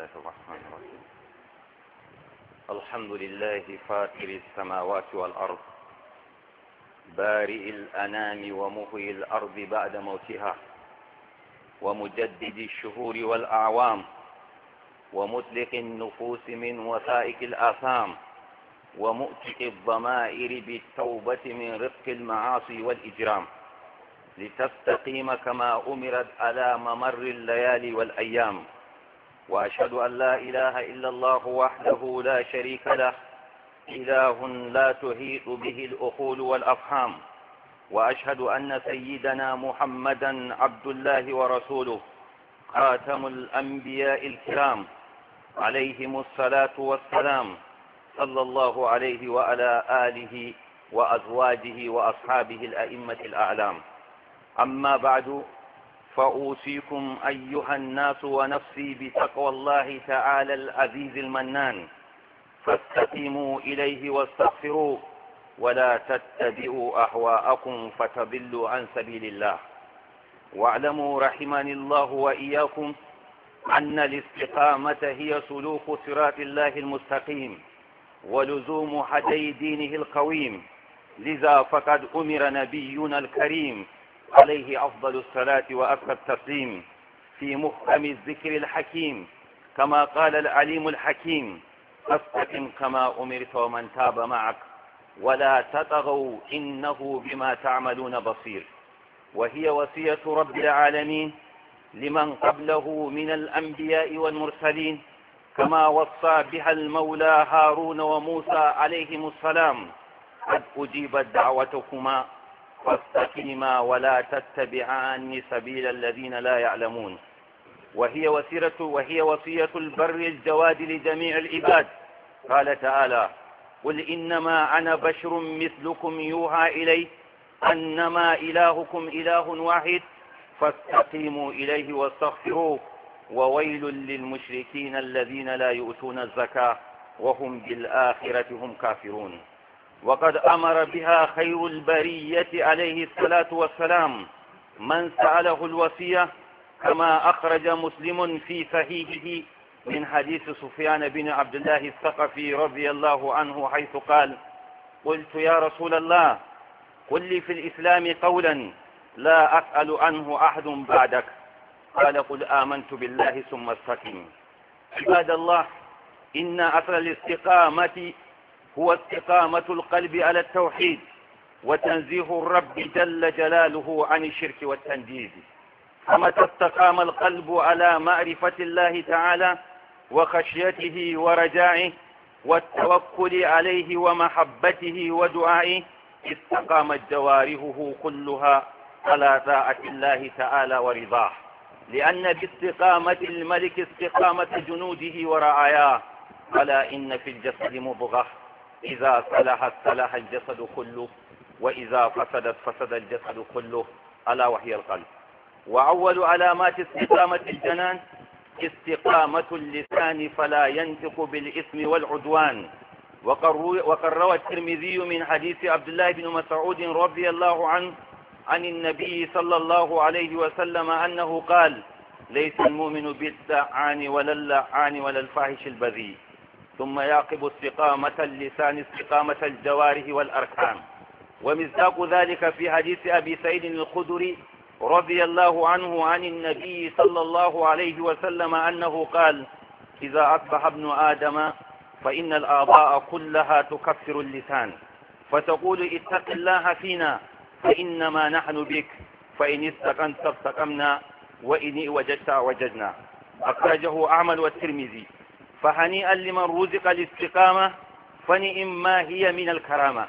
الله الرحمن الرحيم الحمد لله فاطر السماوات والأرض بارئ الأنام ومهي الأرض بعد موتها ومجدد الشهور والأعوام ومطلق النفوس من وثائق الآثام ومؤتق الضمائر بالتوبة من رفق المعاصي والإجرام لتستقيم كما أمرت على ممر الليالي والأيام وأشهد أن لا إله إلا الله وحده لا شريك له إله لا تهيط به الأخول والأفهام وأشهد أن سيدنا محمدا عبد الله ورسوله خاتم الأنبياء الكرام عليهم الصلاة والسلام صلى الله عليه وعلى آله وأزواجه وأصحابه الأئمة الأعلام أما بعد فأوصيكم أيها الناس ونفسي بتقوى الله تعالى العزيز المنان فاستقيموا إليه واستغفروه ولا تتبعوا أهواءكم فتضلوا عن سبيل الله واعلموا رحمني الله وإياكم أن الاستقامة هي سلوك صراط الله المستقيم ولزوم هدي دينه القويم لذا فقد أمر نبينا الكريم عليه أفضل الصلاة وأكثر التسليم في مخم الذكر الحكيم كما قال العليم الحكيم فاستقم كما أمرت ومن تاب معك ولا تطغوا إنه بما تعملون بصير وهي وصية رب العالمين لمن قبله من الأنبياء والمرسلين كما وصى بها المولى هارون وموسى عليهم السلام قد أجيبت دعوتكما واستقيما ولا تتبعان سبيل الذين لا يعلمون وهي وسيرة وهي وصية البر الجواد لجميع العباد قال تعالى قل إنما أنا بشر مثلكم يوحى إلي أنما إلهكم إله واحد فاستقيموا إليه واستغفروه وويل للمشركين الذين لا يؤتون الزكاة وهم بالآخرة هم كافرون وقد أمر بها خير البرية عليه الصلاة والسلام من سأله الوصية كما أخرج مسلم في صحيحه من حديث سفيان بن عبد الله الثقفي رضي الله عنه حيث قال قلت يا رسول الله قل لي في الإسلام قولا لا أسأل عنه أحد بعدك قال قل آمنت بالله ثم استقم عباد الله إن أصل الاستقامة هو استقامة القلب على التوحيد وتنزيه الرب جل جلاله عن الشرك والتنديد فمتى استقام القلب على معرفة الله تعالى وخشيته ورجائه والتوكل عليه ومحبته ودعائه استقامت جوارهه كلها على طاعة الله تعالى ورضاه لأن باستقامة الملك استقامة جنوده ورعاياه ألا إن في الجسد مضغة إذا صلحت صلح الجسد كله وإذا فسدت فسد الجسد كله ألا وهي القلب وأول علامات استقامة الجنان استقامة اللسان فلا ينطق بالإثم والعدوان وقد روى الترمذي من حديث عبد الله بن مسعود رضي الله عنه عن النبي صلى الله عليه وسلم أنه قال ليس المؤمن بالسعان ولا اللعان ولا الفاحش البذيء ثم يعقب استقامة اللسان استقامة الجوارح والأركان ومصداق ذلك في حديث أبي سعيد الخدري رضي الله عنه عن النبي صلى الله عليه وسلم أنه قال إذا أصبح ابن آدم فإن الآباء كلها تكفر اللسان فتقول اتق الله فينا فإنما نحن بك فإن استقمت استقمنا وإن وجدت وجدنا أخرجه أعمل والترمذي فهنيئا لمن رزق الاستقامة فنئما ما هي من الكرامة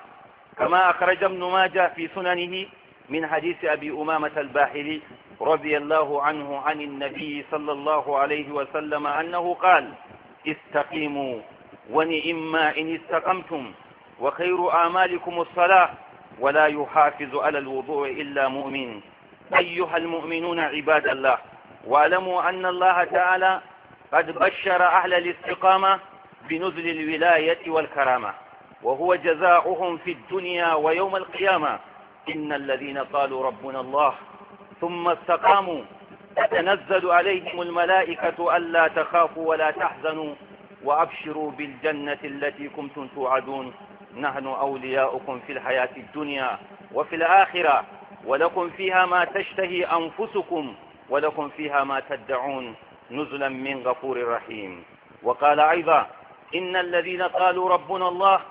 كما أخرج ابن ماجه في سننه من حديث أبي أمامة الباحلي رضي الله عنه عن النبي صلى الله عليه وسلم أنه قال استقيموا ونئما إن استقمتم وخير آمالكم الصلاة ولا يحافظ على الوضوء إلا مؤمن أيها المؤمنون عباد الله واعلموا أن الله تعالى قد بشر أهل الاستقامة بنزل الولاية والكرامة وهو جزاؤهم في الدنيا ويوم القيامة إن الذين قالوا ربنا الله ثم استقاموا تتنزل عليهم الملائكة ألا تخافوا ولا تحزنوا وأبشروا بالجنة التي كنتم توعدون نحن أولياؤكم في الحياة الدنيا وفي الآخرة ولكم فيها ما تشتهي أنفسكم ولكم فيها ما تدعون نزلا من غفور رحيم وقال أيضا إن الذين قالوا ربنا الله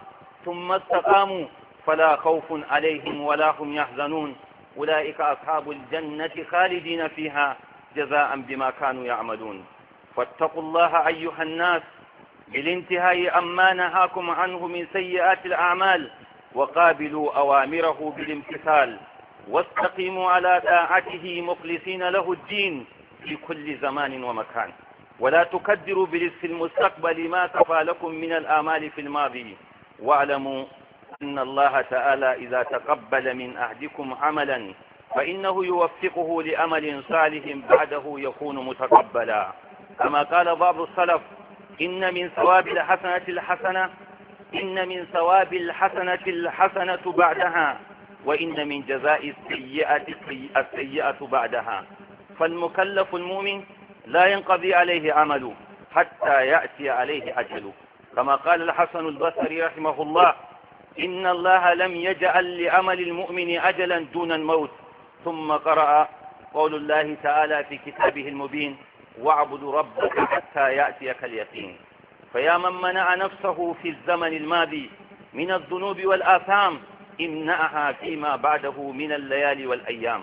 ثم استقاموا فلا خوف عليهم ولا هم يحزنون أولئك أصحاب الجنة خالدين فيها جزاء بما كانوا يعملون فاتقوا الله أيها الناس بالانتهاء عما نهاكم عنه من سيئات الأعمال وقابلوا أوامره بالامتثال واستقيموا على طاعته مخلصين له الدين في كل زمان ومكان ولا تكدروا برزق المستقبل ما كفى لكم من الآمال في الماضي واعلموا أن الله تعالى إذا تقبل من أحدكم عملا فإنه يوفقه لأمل صالح بعده يكون متقبلا كما قال بعض السلف إن من ثواب الحسنة الحسنة إن من ثواب الحسنة الحسنة بعدها وإن من جزاء السيئة السيئة بعدها فالمكلف المؤمن لا ينقضي عليه عمله حتى يأتي عليه أجله كما قال الحسن البصري رحمه الله إن الله لم يجعل لعمل المؤمن أجلا دون الموت ثم قرأ قول الله تعالى في كتابه المبين واعبد ربك حتى يأتيك اليقين فيا من منع نفسه في الزمن الماضي من الذنوب والآثام امنعها فيما بعده من الليالي والأيام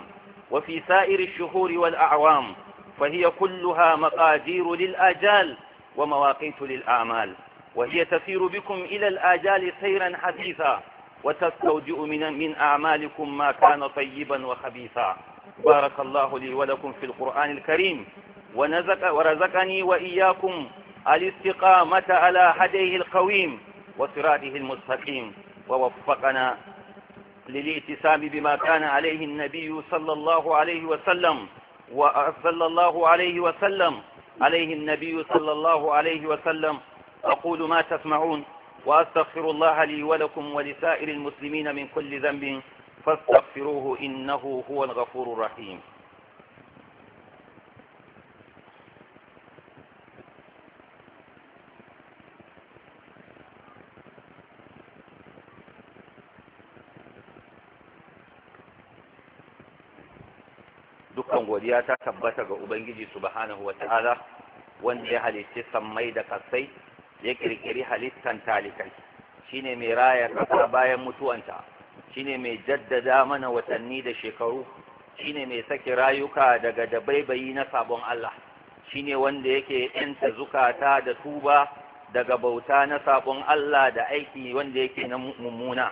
وفي سائر الشهور والأعوام فهي كلها مقادير للآجال ومواقيت للأعمال وهي تسير بكم إلى الآجال سيرا حثيثا وتستوجئ من, من أعمالكم ما كان طيبا وخبيثا بارك الله لي ولكم في القرآن الكريم ونزك ورزقني وإياكم الاستقامة على هديه القويم وصراطه المستقيم ووفقنا للاتسام بما كان عليه النبي صلى الله عليه وسلم وصلى الله عليه وسلم عليه النبي صلى الله عليه وسلم أقول ما تسمعون وأستغفر الله لي ولكم ولسائر المسلمين من كل ذنب فاستغفروه إنه هو الغفور الرحيم godiya ta tabbata ga ubangiji subhanahu wata'ala wanda ya halitta sammai da kasai ya kirkiri halittan talikai shine mai raya kasa bayan mutuwanta shine mai jaddada mana watanni da shekaru shine mai sake rayuka daga dabaibayi na sabon Allah shine wanda yake yanta zukata da tuba daga bauta na sabon Allah da aiki wanda yake na mummuna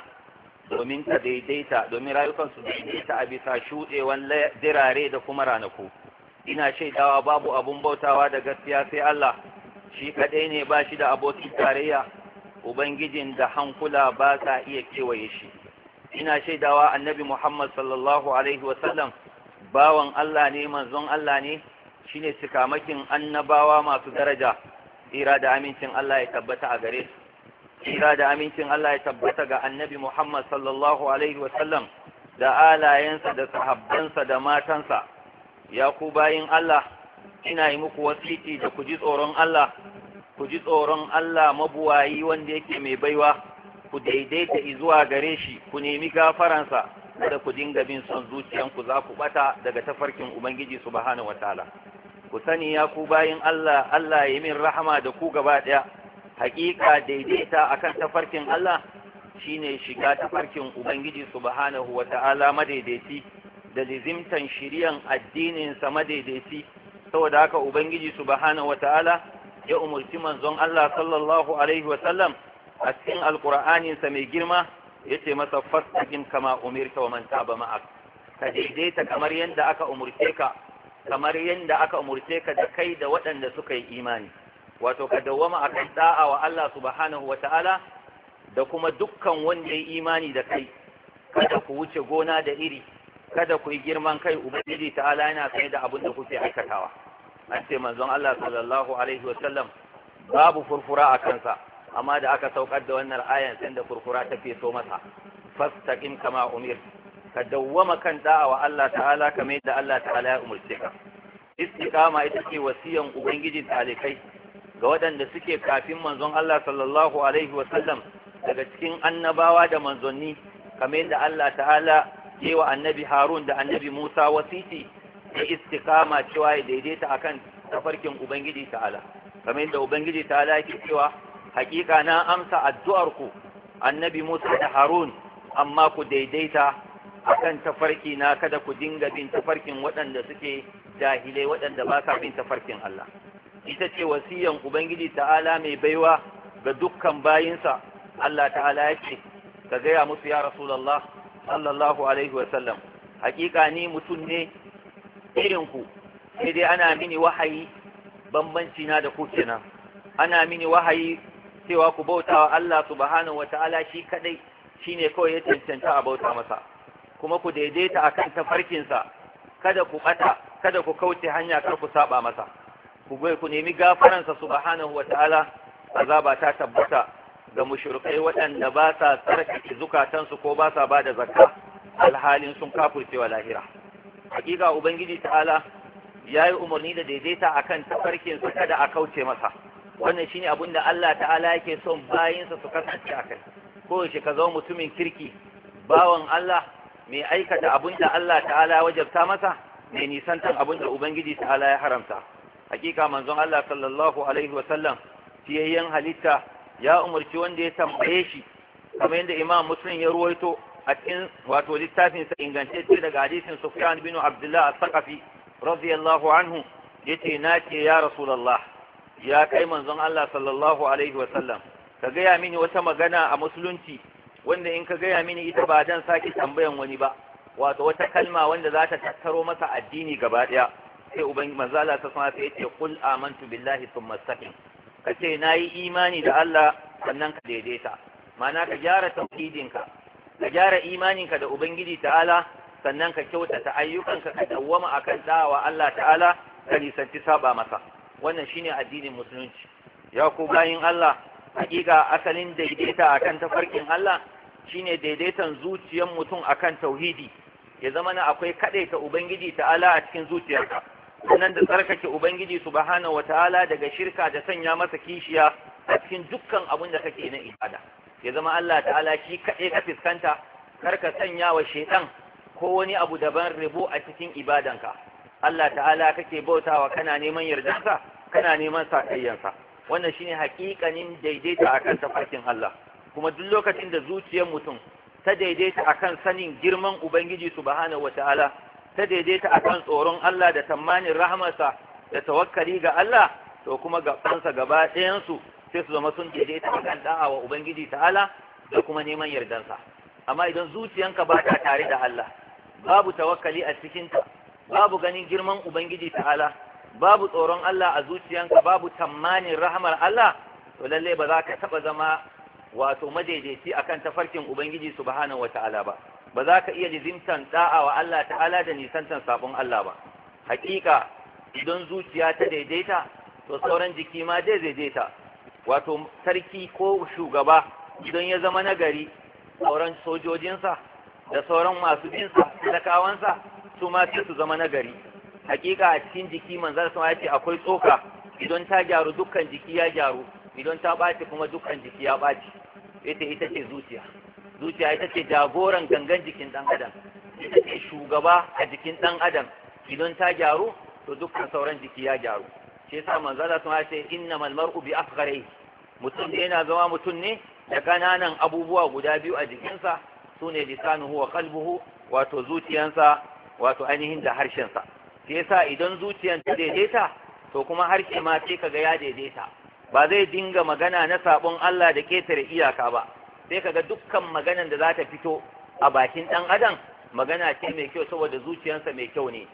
domin ta daidaita domin rayukan su daidaita a bisa shuɗewan dirare da kuma ranaku ina shaidawa babu abun bautawa da gaskiya sai Allah shi kaɗai ne ba shi da abokin tarayya ubangijin da hankula ba sa iya kewaye shi ina shaidawa annabi Muhammad sallallahu alaihi wasallam bawan Allah ne manzon Allah ne shine sikamakin annabawa masu daraja ira da amincin Allah ya tabbata a gare su kira da amincin Allah ya tabbata ga annabi Muhammad sallallahu Alaihi wasallam da alayensa da sahabbansa da matansa, ya ku bayin Allah, ina yi muku wasiti da ku ji tsoron Allah, ku ji tsoron Allah mabuwayi wanda yake mai baiwa, ku daidaita izuwa gare shi, ku nemi gafaransa, da ku dinga bin son zuciyanku za ku bata daga tafarkin Ubangiji subhanahu wataala. Ku sani ya ku bayin Allah, Allah ya min rahama da ku gaba ɗaya. hakika daidaita akan tafarkin Allah shine shiga tafarkin Ubangiji subhanahu wa ta'ala madaidaiti da lizimtan shiriyan addininsa madaidaiti saboda haka Ubangiji subhanahu wa ta'ala ya umarci manzon Allah sallallahu alaihi wa sallam a cikin alqur'aninsa mai girma ya ce masa fastaqim kama umirta wa man taba ma'ak ka daidaita kamar yadda aka umurce ka kamar yadda aka umurce ka da kai da waɗanda suka yi imani wato ka a kan da'a wa Allah subhanahu ta'ala, da kuma dukkan wanda ya imani da kai kada ku wuce gona da iri kada ku yi girman kai ubangiji ta'ala yana kai da abin da kuke aikatawa an ce manzon Allah sallallahu alaihi wasallam babu furfura a kansa amma da aka saukar da wannan ayan sai da furfura ta feso masa fastaqim kama umir ka dawwama kan da'a wa Allah ta'ala kamar yadda Allah ta'ala ya umurce ka istiqama ita ce wasiyan ubangiji talikai ga waɗanda suke kafin manzon Allah sallallahu alaihi wasallam daga cikin annabawa da manzanni kamar yadda Allah ta'ala yi wa annabi Harun da annabi Musa wasiti da istikama cewa ya daidaita akan tafarkin Ubangiji ta'ala kamar yadda Ubangiji ta'ala yake cewa haƙiƙa na amsa addu'ar ku, annabi Musa da Harun amma ku daidaita akan tafarki na kada ku dinga bin tafarkin waɗanda suke jahilai waɗanda ba sa bin tafarkin Allah ita ce wasiyan ubangiji ta'ala mai baiwa ga dukkan bayinsa Allah ta'ala ya ce ka gaya musu ya rasu sallallahu alaihi wasallam hakika ni mutum ne irin ku sai dai ana mini wahayi bambanci na da kuke na? ana mini wahayi cewa ku bautawa Allah subhanahu wata'ala shi kadai shine kawai ya cancanta a bauta masa kuma ku daidaita akan tafarkinsa kada ku bata kada ku kauce hanya kar ku saba masa ku bai ku nemi gafaransa subhanahu ta'ala azaba ta tabbata ga mushrikai waɗanda ba sa tsarkake zukatansu ko ba sa ba da zakka alhalin sun kafurce wa lahira hakika ubangiji ta'ala ya umarni da daidaita akan tafarkin su kada a kauce masa wannan shine abin da Allah ta'ala yake son bayinsa su kasance a kai shi ka zama mutumin kirki bawan Allah mai aikata abin da Allah ta'ala wajabta masa mai nisantan abin da Ubangiji ta'ala ya haramta hakika manzon Allah sallallahu alaihi wasallam fiyayyen halitta ya umarci wanda ya tambaye shi kamar yadda imam muslim ya ruwaito a cikin wato littafinsa ingantacce daga hadisin sufyan bin abdullah as-saqafi radiyallahu anhu yace ce ya rasulullah ya kai manzon Allah sallallahu alaihi wasallam ka gaya mini wata magana a musulunci wanda in ka gaya mini ita ba dan sake tambayan wani ba wato wata kalma wanda za ta tattaro masa addini gaba daya sai uban manzo Allah ta sama sai yace qul amantu billahi thumma istaqim kace nayi imani da Allah sannan ka daidaita ma'ana ka gyara tauhidinka ka gyara imaninka da ubangiji ta'ala sannan ka kyautata ayyukanka ka dawwama akan dawa Allah ta'ala ka nisanci saba masa wannan shine addinin musulunci ya ku bayin Allah hakika asalin daidaita akan tafarkin Allah shine daidaitan zuciyar mutum akan tauhidi ya zama na akwai kadaita ubangiji ta'ala a cikin zuciyarka sannan da tsarkake ubangiji subhanahu wataala daga shirka da sanya masa kishiya a cikin dukkan abin da kake na ibada ya zama Allah ta'ala shi kaɗai ka fiskanta kar ka sanya wa shaitan ko wani abu daban rabo a cikin ibadanka Allah ta'ala kake bautawa kana neman yardansa kana neman sakayyansa wannan shine hakikanin daidaita akan tafarkin Allah kuma duk lokacin da zuciyar mutum ta daidaita akan sanin girman ubangiji subhanahu wataala ta daidaita akan tsoron Allah da tamanin rahmarsa da tawakkali ga Allah to kuma gabansa gaba ɗayansu sai su zama sun daidaita akan da'a wa ubangiji ta'ala da kuma neman yardansa amma idan zuciyanka ba ta tare da Allah babu tawakkali a cikinta babu ganin girman ubangiji ta'ala babu tsoron Allah a zuciyanka babu tamanin rahmar Allah to lalle ba za ka taɓa zama wato madaidaici akan tafarkin ubangiji subhanahu wata'ala ba ba za ka iya lizimtan da'a wa Allah ta'ala da nisantan sabon Allah ba hakika idan zuciya ta daidaita to sauran jiki ma zai daidaita wato sarki ko shugaba idan ya zama nagari sauran sojojinsa da sauran masu binsa da talakawansa su ma su zama nagari hakika a cikin jiki manzar sama ya ce akwai tsoka idan ta gyaru dukkan jiki ya gyaru idan ta ɓaci kuma dukkan jiki ya ɓaci ita ita ce zuciya zuciya ita ce jagoran gangan jikin ɗan adam ita ce shugaba a jikin ɗan adam idan ta gyaru to dukkan sauran jiki ya gyaru shi yasa manzala sun ce mal mar'u bi afghari mutum da yana zama mutum ne da kananan abubuwa guda biyu a jikinsa su ne lisanuhu wa qalbuhu wato zuciyansa wato ainihin da harshensa shi yasa idan zuciyan ta daidaita to kuma harshe ma sai kaga ya daidaita ba zai dinga magana na sabon Allah da ketare iyaka ba sai kaga dukkan maganan da za ta fito a bakin ɗan adam magana ce mai kyau saboda zuciyarsa mai kyau ne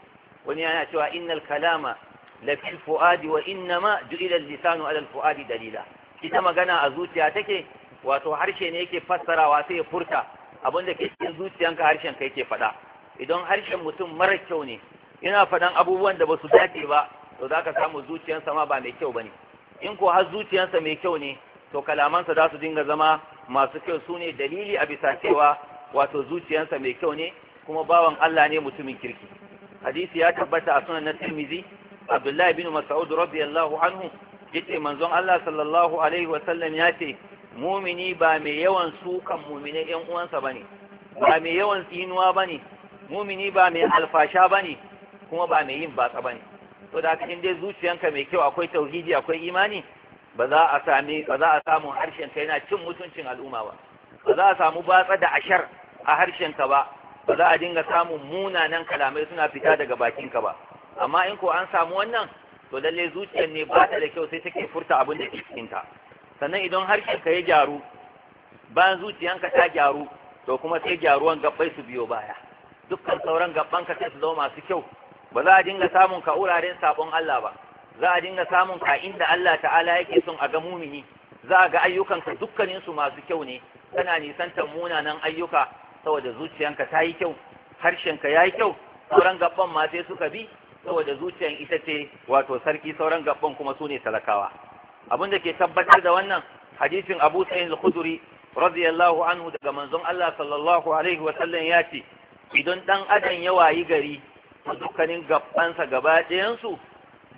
wani yana cewa innal kalama la fil fuadi wa ma ju'ila lisanu ala fuadi dalila ita magana a zuciya take wato harshe ne yake fassarawa sai ya furta abinda ke cikin zuciyanka harshen ka yake faɗa idan harshen mutum mara kyau ne yana faɗan abubuwan da basu dace ba to za samu zuciyarsa ma ba mai kyau ba in ko har zuciyarsa mai kyau ne to kalamansa za su dinga zama masu kyau su ne dalili a bisa cewa wato zuciyarsa mai kyau ne kuma bawan Allah ne mutumin kirki hadisi ya tabbata a sunan na Tirmidhi Abdullahi bin Mas'ud radiyallahu anhu yace manzon Allah sallallahu alaihi wa sallam ya ce mumini ba mai yawan sukan mumine yan uwansa bane ba mai yawan tsinuwa bane mumini ba mai alfasha bane kuma ba mai yin batsa bane to da haka in dai zuciyanka mai kyau akwai tauhidi akwai imani ba za a sami a samu harshen ka yana cin mutuncin al'umma ba ba za a samu batsa da ashar a harshen ka ba ba za a dinga samun munanan kalamai suna fita daga bakin ka ba amma in ko an samu wannan to lalle zuciyar ne ba ta da kyau sai take furta abin da ke cikin sannan idan harshen ka ya gyaru bayan zuciyanka ta gyaru to kuma sai gyaruwan gabbai su biyo baya dukkan sauran gabban ka sai su zama masu kyau ba za a dinga samun ka wuraren sabon Allah ba za a dinga samun ka inda Allah ta'ala yake son a ga mumini za a ga ayyukanka dukkanin su masu kyau ne kana nisantar munanan ayyuka saboda zuciyanka ta yi kyau harshenka ya yi kyau sauran gabban ma sai suka bi saboda zuciyan ita ce wato sarki sauran gabban kuma su ne talakawa abin da ke tabbatar da wannan hadisin Abu Sa'id al-Khudri radiyallahu anhu daga manzon Allah sallallahu alaihi wa sallam ya ce idan dan adam ya wayi gari dukkanin gabansa gaba ɗayan su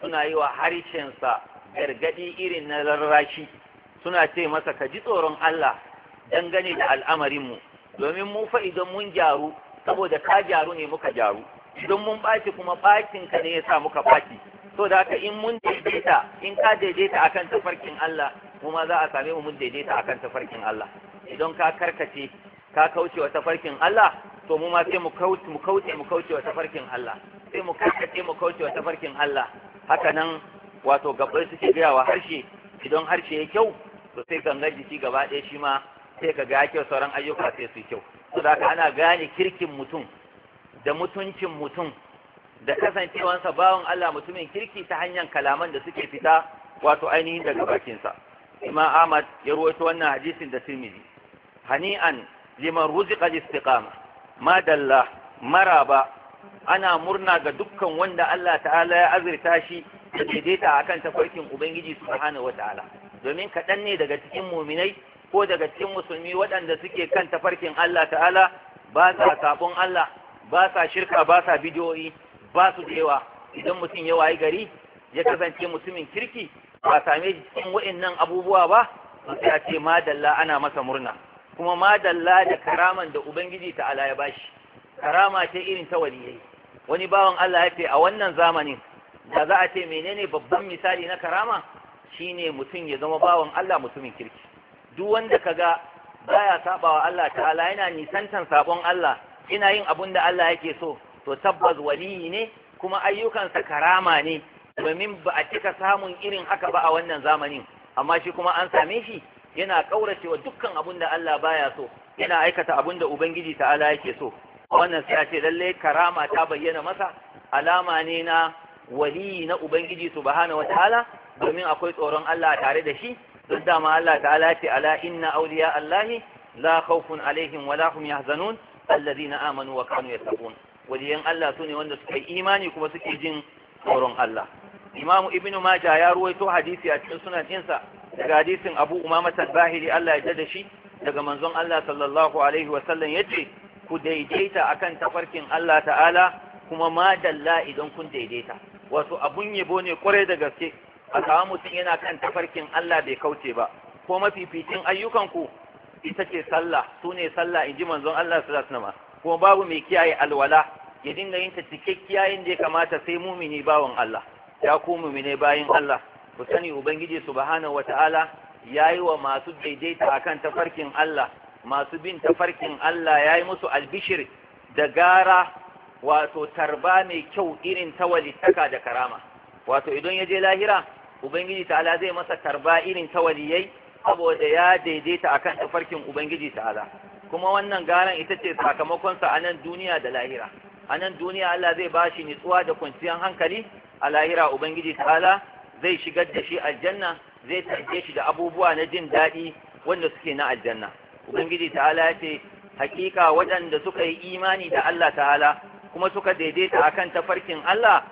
suna yi wa harshensa gargadi irin na rarrashi suna ce masa ka ji tsoron Allah dangane da al'amarinmu domin mu fa idan mun jaru saboda ka jaru ne muka jaru, idan mun ɓaci kuma ɓacinka ka ne ya sa muka ɓaci so da haka in mun daidaita in ka daidaita akan tafarkin Allah mu ma za a same mu mun daidaita akan tafarkin Allah idan ka karkace ka kauce wa tafarkin Allah to mu ma sai mu kauce mu kauce mu kauce wa tafarkin Allah sai mu karkace mu kauce wa tafarkin Allah haka nan wato gabbai suke gaya wa harshe idan harshe ya kyau to sai gangan jiki gaba ɗaya shi ma sai ka ga kyau sauran ayyuka sai su kyau to da ana gane kirkin mutum da mutuncin mutum da kasancewansa bawan Allah mutumin kirki ta hanyar kalaman da suke fita wato ainihin daga bakinsa imam Ahmad ya rawaito wannan hadisin da Tirmidhi hani'an liman ruziqa al-istiqama madalla maraba ana murna ga dukkan wanda Allah ta'ala ya azurta shi da daidaita a kan tafarkin ubangiji su hana wataala domin kaɗan ne daga cikin muminai ko daga cikin musulmi waɗanda suke kan tafarkin Allah ta'ala ba sa sabon Allah ba sa shirka ba sa bidiyoyi ba su da yawa idan mutum ya wayi gari ya kasance mutumin kirki ba same shi cikin wa'annan abubuwa ba sai a ce madalla ana masa murna kuma madalla da karaman da ubangiji ta'ala ya bashi karama ce irin ta waliyai wani bawan Allah ya ce a wannan zamanin da za a ce menene babban misali na karama shine mutum ya zama bawan Allah mutumin kirki duk wanda kaga baya sabawa Allah ta'ala yana nisantan sabon Allah ina yin abun da Allah yake so to tabbas waliyi ne kuma ayyukansa karama ne domin ba a cika samun irin haka ba a wannan zamanin amma shi kuma an same shi yana kauracewa dukkan abun da Allah baya so yana aikata abun da Ubangiji ta'ala yake so wannan sai a ce lalle karama ta bayyana masa alama ne na waliyi na ubangiji subhanahu wataala domin akwai tsoron Allah tare da shi duk da ma Allah ta'ala ce ala inna awliya allahi la khawfun alaihim wa la hum yahzanun alladhina amanu wa kanu yattaqun waliyan Allah sune wanda suka yi imani kuma suke jin tsoron Allah Imam ibnu majah ya ruwaito hadisi a cikin sunan ɗinsa daga hadisin abu umama al-bahili Allah ya da shi daga manzon Allah sallallahu alaihi wa sallam yace ku daidaita akan tafarkin Allah ta'ala kuma ma idan kun daidaita Wasu abun yabo ne kwarai da gaske a samu mutum yana kan tafarkin Allah bai kauce ba ko mafificin ayyukanku ita ce sallah su ne sallah in ji manzon Allah sallallahu alaihi wasallam kuma babu mai kiyaye alwala ya dinga yin ta cikakkiya yadda ya kamata sai mumini bawan Allah ya ku mumine bayan Allah ku sani ubangiji subhanahu wataala yayi wa masu daidaita akan tafarkin Allah masu bin tafarkin Allah ya yi musu albishir da gara wato tarba mai kyau irin ta walittaka da karama wato idan ya je lahira ubangiji ta'ala zai masa tarba irin ta waliyai saboda ya daidaita akan tafarkin ubangiji ta'ala kuma wannan garan ita ce sakamakonsa a nan duniya da lahira a nan duniya Allah zai ba shi nitsuwa da kwanciyar hankali a lahira ubangiji ta'ala zai shigar da shi aljanna zai tarbe shi da abubuwa na jin daɗi wanda suke na aljanna ubangiji ta'ala ya ce hakika waɗanda suka yi imani da Allah ta'ala kuma suka daidaita a kan tafarkin Allah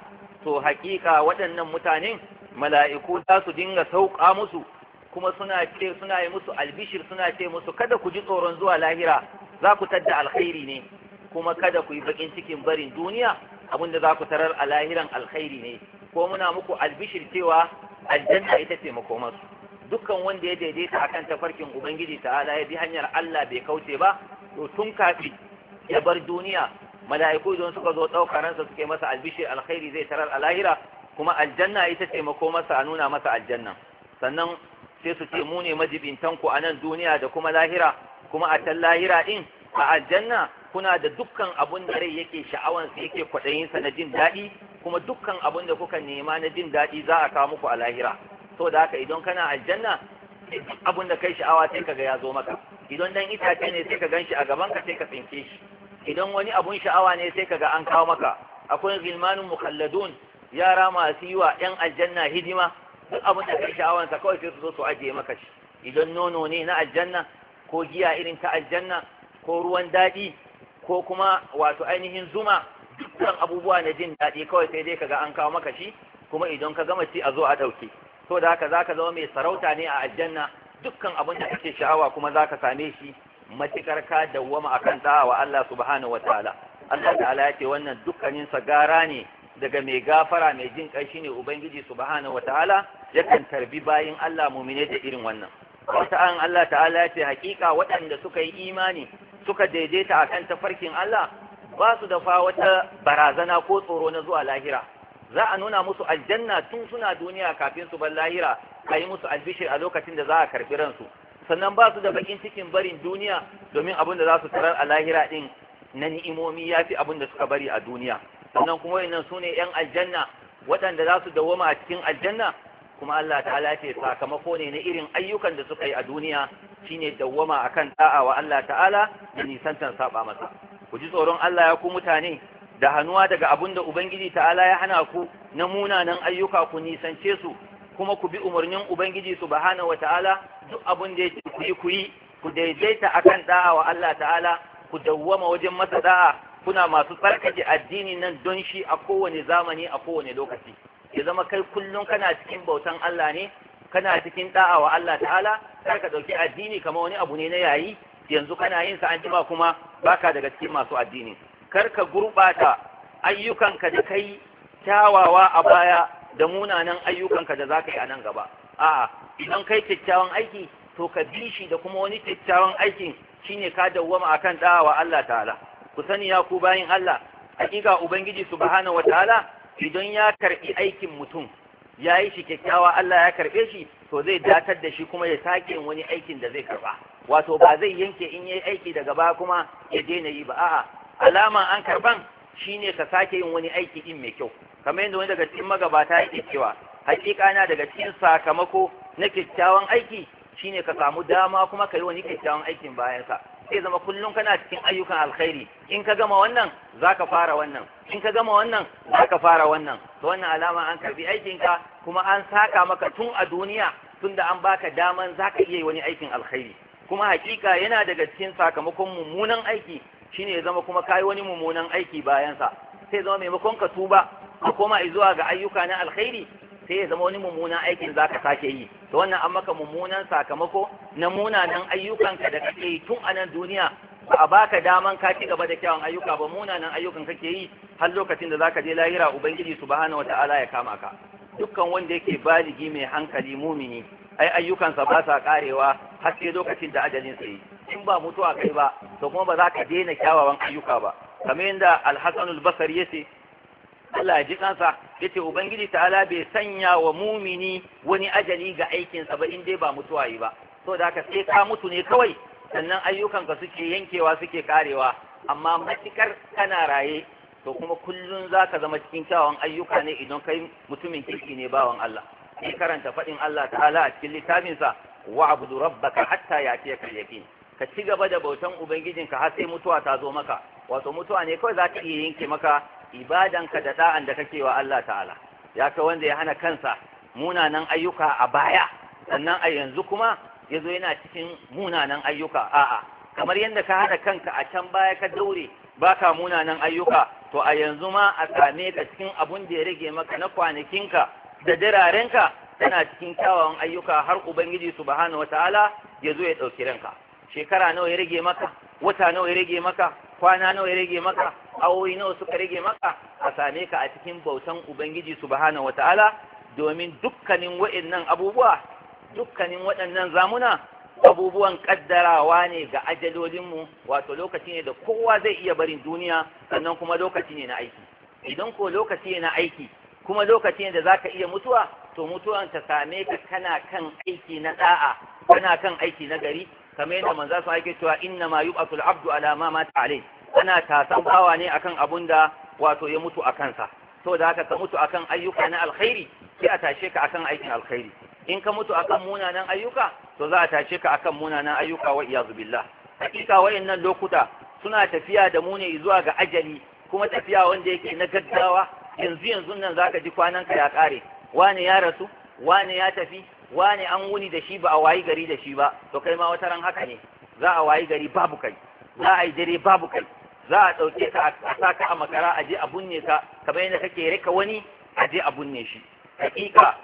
to hakika waɗannan mutanen mala'iku za su dinga sauƙa musu kuma suna ce suna yi musu albishir suna ce musu kada ku ji tsoron zuwa lahira za ku tadda alkhairi ne kuma kada ku yi baƙin cikin barin duniya abinda za ku tarar a lahiran alkhairi ne ko muna muku albishir cewa aljanna ita ce makomarsu dukkan wanda ya daidaita a kan tafarkin ubangiji ta'ala ya bi hanyar Allah bai kauce ba to tun kafi ya bar duniya mala'iku don suka zo ɗaukar ransa suke masa albishir alkhairi zai tarar a lahira kuma aljanna ita ce mako masa a nuna masa aljanna sannan sai su ce mu ne majibintan ku a nan duniya da kuma lahira kuma a can lahira din a aljanna kuna da dukkan abun da rai yake sha'awan sa yake kwaɗayin sa na jin daɗi kuma dukkan abun da kuka nema na jin daɗi za a kawo muku a lahira So da haka idan kana aljanna abun da kai sha'awa sai kaga ya zo maka idan dan itace ne sai ka ganshi a gaban ka sai ka tsinke shi idan wani abun sha'awa ne sai kaga an kawo maka akwai zilmanun mukhalladun yara masu yi wa yan aljanna hidima duk abun da kai sha'awan sa kawai sai su zo su ajiye maka shi idan nono ne na aljanna ko giya irin ta aljanna ko ruwan daɗi ko kuma wato ainihin zuma dukkan abubuwa na jin daɗi kawai sai dai kaga an kawo maka shi kuma idan ka gama ci a zo a ɗauke so da haka zaka zama mai sarauta ne a aljanna dukkan abin da kake sha'awa kuma zaka same shi matikar ka dawwama akan da'a wa Allah subhanahu wataala Allah ta'ala ya wannan dukkanin sagara gara ne daga mai gafara mai jin kai shine ubangiji subhanahu wataala yakan tarbi bayin Allah mu'mine da irin wannan wata an Allah ta'ala ya ce hakika waɗanda suka yi imani suka daidaita akan tafarkin Allah ba su da wata barazana ko tsoro na zuwa lahira za a nuna musu aljanna tun suna duniya kafin su bar lahira a yi musu albishir a lokacin da za a karɓi ransu sannan ba su da bakin cikin barin duniya domin abin da za su tarar a lahira din na ni'imomi ya fi abin da suka bari a duniya sannan kuma wayannan su ne 'yan aljanna waɗanda za su dawoma a cikin aljanna kuma Allah ta'ala ce sakamako ne na irin ayyukan da suka yi a duniya shine dawwama akan da'a wa Allah ta'ala da nisantan saba masa ku ji tsoron Allah ya ku mutane da hannuwa daga abin da Ubangiji ta'ala ya hana ku na munanan ayyuka ku nisance su kuma ku bi umarnin Ubangiji subhanahu wa ta'ala duk abin da ya ce ku yi ku yi ku daidaita akan da'a wa Allah ta'ala ku dawwama wajen masa da'a kuna masu tsarkake addini nan don shi a kowane zamani a kowane lokaci ya zama kai kullum kana cikin bautan Allah ne kana cikin da'a wa Allah ta'ala kar ka dauki addini kamar wani abu ne na yayi yanzu kana yin sa an jima kuma baka daga cikin masu addini karka gurɓata ayyukanka da kai kyawawa a baya da munanan ayyukanka da za ka yi a nan gaba a'a idan kai kyakkyawan aiki to ka bi shi da kuma wani kyakkyawan aikin shine ka dawwama akan da'a wa Allah ta'ala ku sani ya ku bayin Allah hakika ubangiji subhanahu wataala idan ya karbi aikin mutum ya yi shi kyakkyawa Allah ya karbe shi to zai datar da shi kuma ya sake wani aikin da zai karba wato ba zai yanke in yayi aiki daga ba kuma ya daina yi ba a'a alama an karban shine ka sake yin wani aiki din mai kyau kamar yadda wani daga cikin magabata yake cewa hakika na daga cikin sakamako na kyakkyawan aiki shine ka samu dama kuma ka yi wani kyakkyawan aikin bayan sa sai zama kullum kana cikin ayyukan alkhairi in ka gama wannan zaka fara wannan in ka gama wannan zaka fara wannan to wannan alama an karbi aikin ka kuma an saka maka tun a duniya tunda an baka daman zaka iya yi wani aikin alkhairi kuma hakika yana daga cikin sakamakon mummunan aiki shine ya zama kuma kai wani mummunan aiki bayansa? sai zama maimakon ka tuba ka koma zuwa ga ayyuka na alkhairi sai ya zama wani mummunan aikin zaka sake yi to wannan an maka mummunan sakamako na munanan ayyukanka da kake yi tun a nan duniya ba a baka daman ka ci gaba da kyawun ayyuka ba munanan ayyukan kake yi har lokacin da zaka je lahira ubangiji subhanahu wataala ya kama ka dukkan wanda yake baligi mai hankali mumini ai ayyukansa ba sa karewa har sai lokacin da ajalin sa yi in ba mutuwa kai ba to kuma ba za ka daina kyawawan ayyuka ba kamar yadda alhassanul basar ya ce Allah ya ji kansa ya ce ubangiji ta'ala bai sanya wa mumini wani ajali ga aikinsa ba in dai ba mutuwa yi ba so da haka sai ka mutu ne kawai sannan ayyukanka suke yankewa suke karewa amma matukar kana raye to kuma kullum za ka zama cikin kyawawan ayyuka ne idan kai mutumin kirki ne bawan Allah sai karanta faɗin Allah ta'ala a cikin littafinsa wa abudu rabbaka hatta yatiyaka al-yaqin ka ci gaba da bautan ubangijinka har sai mutuwa ta zo maka wato mutuwa ne kawai za ta iya yanke maka ibadanka da da'an da kake wa Allah ta'ala ya ka wanda ya hana kansa munanan ayyuka a baya sannan a yanzu kuma ya zo yana cikin munanan ayyuka a'a kamar yadda ka hana kanka a can baya ka daure baka munanan ayyuka to a yanzu ma a same ka cikin abun da ya rage maka na kwanakinka da dirarenka tana cikin kyawawan ayyuka har ubangiji subhanahu wataala ya zo ya ɗauki ranka shekara nawa ya rage maka wata nawa ya rage maka kwana nawa ya rage maka awoyi nawa suka rage maka a same ka a cikin bautan ubangiji subhanahu wataala domin dukkanin wa'annan abubuwa dukkanin waɗannan zamuna abubuwan kaddarawa ne ga ajalolinmu wato lokaci ne da kowa zai iya barin duniya sannan kuma lokaci ne na aiki idan ko lokaci ne na aiki kuma lokaci ne da zaka iya mutuwa to mutuwan ta same ka kana kan aiki na da'a kana kan aiki na gari kamar yadda manzo sa yake cewa inna ma yub'atul abdu alama ma mata alai ana tasan bawa ne akan abun da wato ya mutu a kansa, to da haka ka mutu akan ayyuka na alkhairi sai a tashe ka akan aikin alkhairi in ka mutu akan munanan ayyuka to za a tashe ka akan munanan ayyuka wa iyazu billah hakika wayannan lokuta suna tafiya da mu ne zuwa ga ajali kuma tafiya wanda yake na gaggawa yanzu yanzu nan zaka ji kwanan ka ya kare wani ya rasu wani ya tafi wani an wuni da shi ba a wayi gari da shi ba to kai ma wata ran haka ne za a wayi gari babu kai za a yi dare babu kai za a ɗauke ka a sa ka a makara a je a bunne ka kamar yadda kake rika wani a je a bunne shi hakika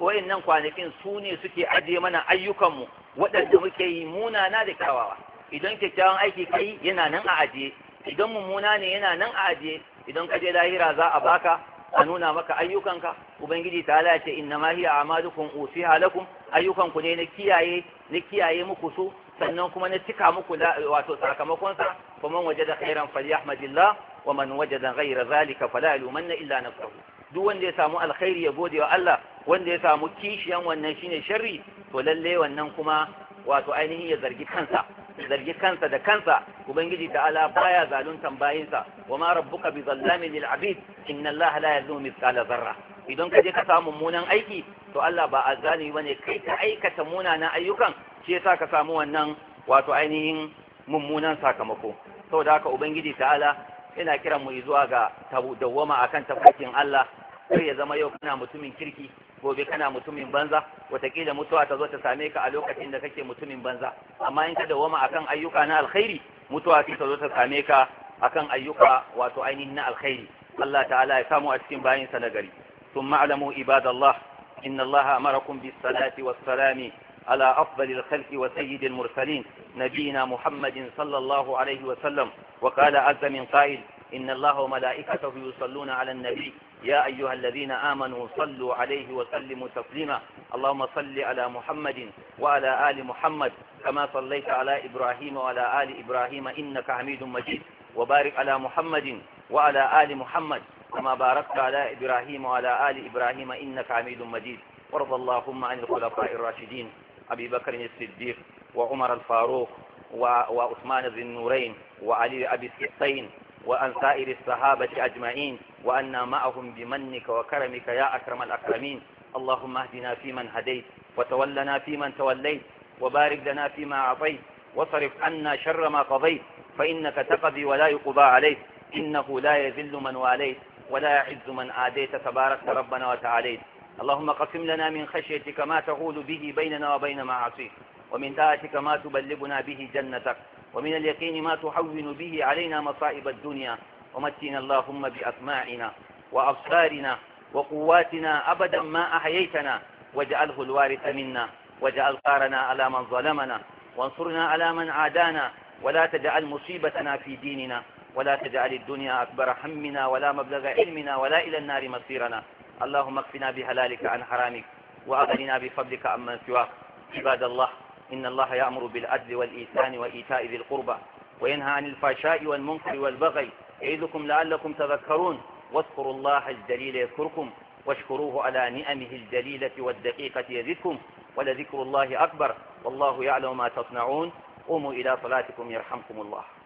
wayannan kwanakin su ne suke ajiye mana ayyukanmu waɗanda muke yi munana da kyawawa idan kyakkyawan aiki kai yana nan a ajiye idan mummuna ne yana nan a ajiye idan ka je lahira za a baka a nuna maka ayyukanka ubangiji ta ala ce inna ma hiya amalukum usiha lakum ayyukanku ne na kiyaye na kiyaye muku su sannan kuma na cika muku wato sakamakon sa faman wajada khairan falyahmadillah wa man wajada ghayra zalika fala yumanna illa nafsuhu duk wanda ya samu alkhairi ya gode wa Allah wanda ya samu kishiyan wannan shine sharri to lalle wannan kuma wato ainihin ya zargi kansa zargi kansa da kansa ubangiji ta'ala baya zaluntan bayinsa wa ma rabbuka bi zallamin lil abid inna allaha la yazlimu mithqala zarra idan ka je ka samu munan aiki to Allah ba azalimi bane kai ka aikata munanan ayyukan shi yasa ka samu wannan wato ainihin mummunan sakamako saboda haka ubangiji ta'ala yana kiran mu zuwa ga tabu dawwama akan tafarkin Allah sai ya zama yau kana mutumin kirki gobe kana mutumin banza watakila mutuwa ta zo ta same ka a lokacin da kake mutumin banza amma in ka dawama akan ayyuka na alkhairi mutuwa ta zo ta same ka akan ayyuka wato ainihin na alkhairi Allah ta'ala ya samu a cikin bayin sa na gari ثم اعلموا عباد الله إن ala أمركم بالصلاة والسلام على أفضل الخلق وسيد المرسلين نبينا محمد صلى الله عليه wa وقال عز من قائل إن الله وملائكته يصلون على النبي يا أيها الذين آمنوا صلوا عليه وسلموا تسليما اللهم صل على محمد وعلى آل محمد كما صليت على إبراهيم وعلى آل إبراهيم إنك حميد مجيد وبارك على محمد وعلى آل محمد كما باركت على إبراهيم وعلى آل إبراهيم إنك حميد مجيد وارض اللهم عن الخلفاء الراشدين أبي بكر الصديق وعمر الفاروق وعثمان ذي النورين وعلي أبي السحتين وأن سائر الصحابة أجمعين وأنا معهم بمنك وكرمك يا أكرم الأكرمين اللهم اهدنا فيمن هديت وتولنا فيمن توليت وبارك لنا فيما أعطيت وصرف عنا شر ما قضيت فإنك تقضي ولا يقضى عليك إنه لا يذل من واليت ولا يعز من عاديت تبارك ربنا وتعاليت اللهم قسم لنا من خشيتك ما تغول به بيننا وبين معاصيك ومن طاعتك ما تبلغنا به جنتك ومن اليقين ما تحون به علينا مصائب الدنيا ومتنا اللهم بأسماعنا وأبصارنا وقواتنا أبدا ما أحييتنا واجعله الوارث منا واجعل قارنا على من ظلمنا وانصرنا على من عادانا ولا تجعل مصيبتنا في ديننا ولا تجعل الدنيا أكبر همنا ولا مبلغ علمنا ولا إلى النار مصيرنا اللهم اكفنا بحلالك عن حرامك وأغننا بفضلك عمن سواك عباد الله إن الله يأمر بالعدل والإيثان وإيتاء ذي القربى وينهى عن الفحشاء والمنكر والبغي يعظكم لعلكم تذكرون واذكروا الله الجليل يذكركم واشكروه على نعمه الجليلة والدقيقة يزدكم ولذكر الله أكبر والله يعلم ما تصنعون قوموا إلى صلاتكم يرحمكم الله